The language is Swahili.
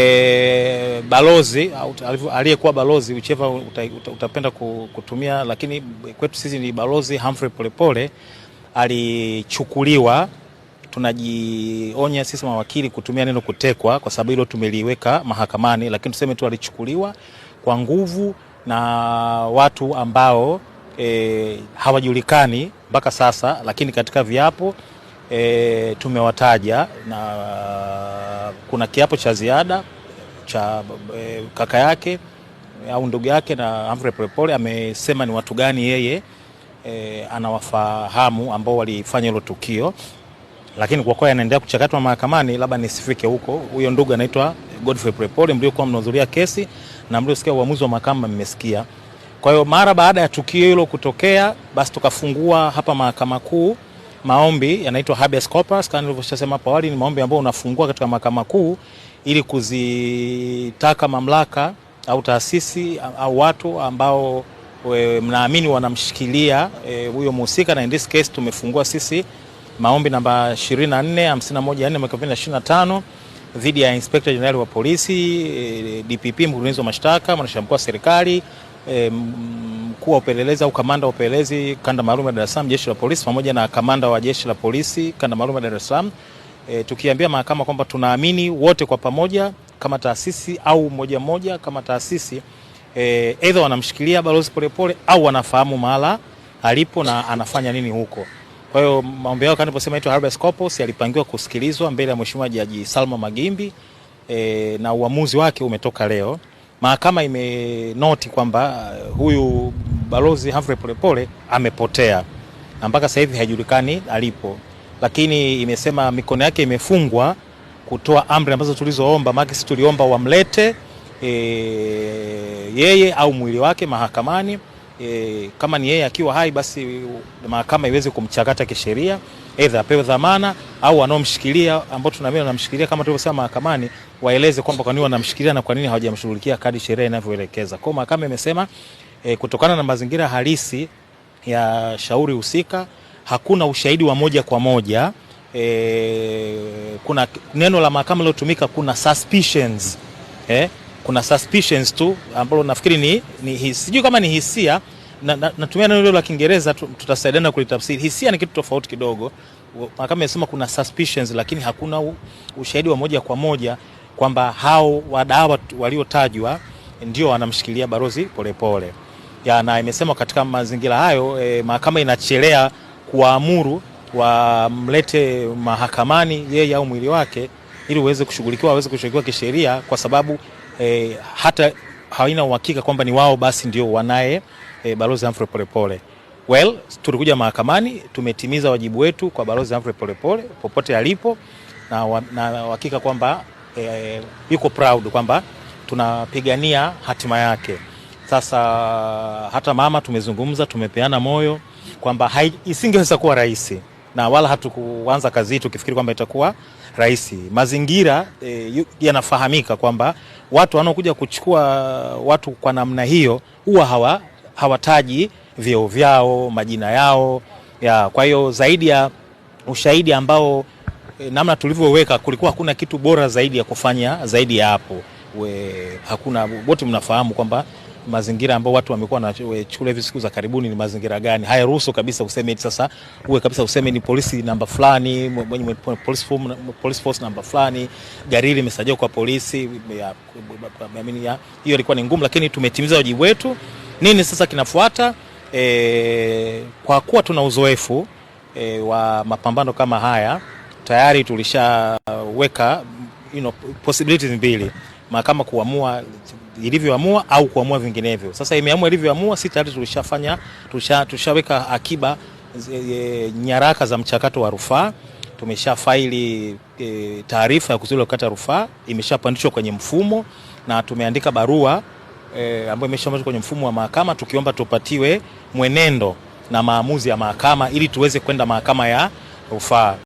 E, balozi aliyekuwa balozi ucheva uta, uta, utapenda kutumia, lakini kwetu sisi ni balozi Humphrey Polepole alichukuliwa. Tunajionya sisi mawakili kutumia neno kutekwa, kwa sababu hilo tumeliweka mahakamani, lakini tuseme tu alichukuliwa kwa nguvu na watu ambao e, hawajulikani mpaka sasa, lakini katika viapo e, tumewataja na kuna kiapo cha ziada cha e, kaka yake au ndugu yake na Humphrey Polepole amesema ni watu gani yeye e, anawafahamu ambao walifanya hilo tukio, lakini kwa kuwa yanaendelea kuchakatwa mahakamani, labda nisifike huko. Huyo ndugu anaitwa Godfrey Polepole, mliokuwa mnahudhuria kesi na mliosikia uamuzi wa mahakama mmesikia. Kwa hiyo mara baada ya tukio hilo kutokea, basi tukafungua hapa mahakama kuu maombi yanaitwa habeas corpus, kama nilivyosema hapo awali, ni maombi ambayo unafungua katika mahakama kuu ili kuzitaka mamlaka au taasisi au watu ambao we, eh, mnaamini wanamshikilia eh, huyo e, mhusika, na in this case tumefungua sisi maombi namba 24 2025 dhidi ya Inspector General wa polisi e, eh, DPP mkurugenzi wa mashtaka, mwanasheria mkuu wa serikali e, mkuu wa upelelezi au kamanda wa upelelezi kanda maalum ya Dar es Salaam, jeshi la polisi, pamoja na kamanda wa jeshi la polisi kanda maalum ya Dar es Salaam e, tukiambia mahakama kwamba tunaamini wote kwa pamoja kama taasisi au moja moja kama taasisi e, either wanamshikilia balozi Polepole au wanafahamu mahala alipo na anafanya nini huko. Kwa hiyo maombi yao kaniposema itwa habeas corpus yalipangiwa kusikilizwa mbele ya Mheshimiwa Jaji Salma Magimbi e, na uamuzi wake umetoka leo. Mahakama imenoti kwamba uh, huyu Balozi Humphrey Polepole amepotea na mpaka sasa hivi haijulikani alipo, lakini imesema mikono yake imefungwa kutoa amri ambazo tulizoomba, maana sisi tuliomba wamlete e, yeye au mwili wake mahakamani e, kama ni yeye akiwa hai, basi mahakama iweze kumchakata kisheria, aidha apewe dhamana au wanaomshikilia ambao tunaamini wanamshikilia kama tulivyosema mahakamani, waeleze kwamba kwa nini wanamshikilia na kwa nini hawajamshughulikia kadri sheria inavyoelekeza. Kwa mahakama imesema e, kutokana na mazingira halisi ya shauri husika hakuna ushahidi wa moja kwa moja e, kuna neno la mahakama lilotumika, kuna suspicions e, kuna suspicions tu ambalo nafikiri ni, ni sijui kama ni hisia na, na, natumia neno hilo la Kiingereza tutasaidiana kulitafsiri. Hisia ni kitu tofauti kidogo. Mahakama imesema kuna suspicions, lakini hakuna u, ushahidi wa moja kwa moja kwamba hao wadawa waliotajwa ndio wanamshikilia Balozi Polepole. pole ya, na imesema katika mazingira hayo e, mahakama inachelea kuwaamuru wamlete mahakamani yeye au mwili wake ili uweze kushughulikiwa, aweze kushughulikiwa kisheria kwa sababu e, hata haina uhakika kwamba ni wao basi ndio wanaye e, Balozi Humphrey Polepole. Well, tulikuja mahakamani tumetimiza wajibu wetu kwa Balozi Humphrey Polepole popote alipo, na, na uhakika kwamba e, yuko proud kwamba tunapigania hatima yake. Sasa hata mama tumezungumza, tumepeana moyo kwamba isingeweza kuwa rahisi na wala hatukuanza kazi hii tukifikiri kwamba itakuwa rahisi. Mazingira e, yanafahamika kwamba watu wanaokuja kuchukua watu kwa namna hiyo huwa hawa, hawataji vyeo vyao majina yao ya, kwa hiyo zaidi ya ushahidi ambao e, namna tulivyoweka, kulikuwa hakuna kitu bora zaidi ya kufanya zaidi ya hapo. We, hakuna wote mnafahamu kwamba mazingira ambayo watu wamekuwa wanachukua hivi siku za karibuni ni mazingira gani? Hayaruhusu kabisa useme sasa uwe kabisa useme ni polisi namba fulani, mwenye police form, police force namba fulani, gari hili limesajiliwa kwa polisi. Hiyo ilikuwa ni ngumu, lakini tumetimiza wajibu wetu. Nini sasa kinafuata? E, kwa kuwa tuna uzoefu e, wa mapambano kama haya tayari tulishaweka you know, possibilities mbili, mahakama kuamua ilivyoamua au kuamua vinginevyo. Sasa imeamua ilivyoamua, si tayari tulishafanya tulisha, tulishaweka akiba e, nyaraka za mchakato wa rufaa tumesha faili e, taarifa ya kuzuia kukata rufaa imeshapandishwa kwenye mfumo na tumeandika barua e, ambayo imeshapandishwa kwenye mfumo wa mahakama tukiomba tupatiwe mwenendo na maamuzi ya mahakama ili tuweze kwenda mahakama ya rufaa.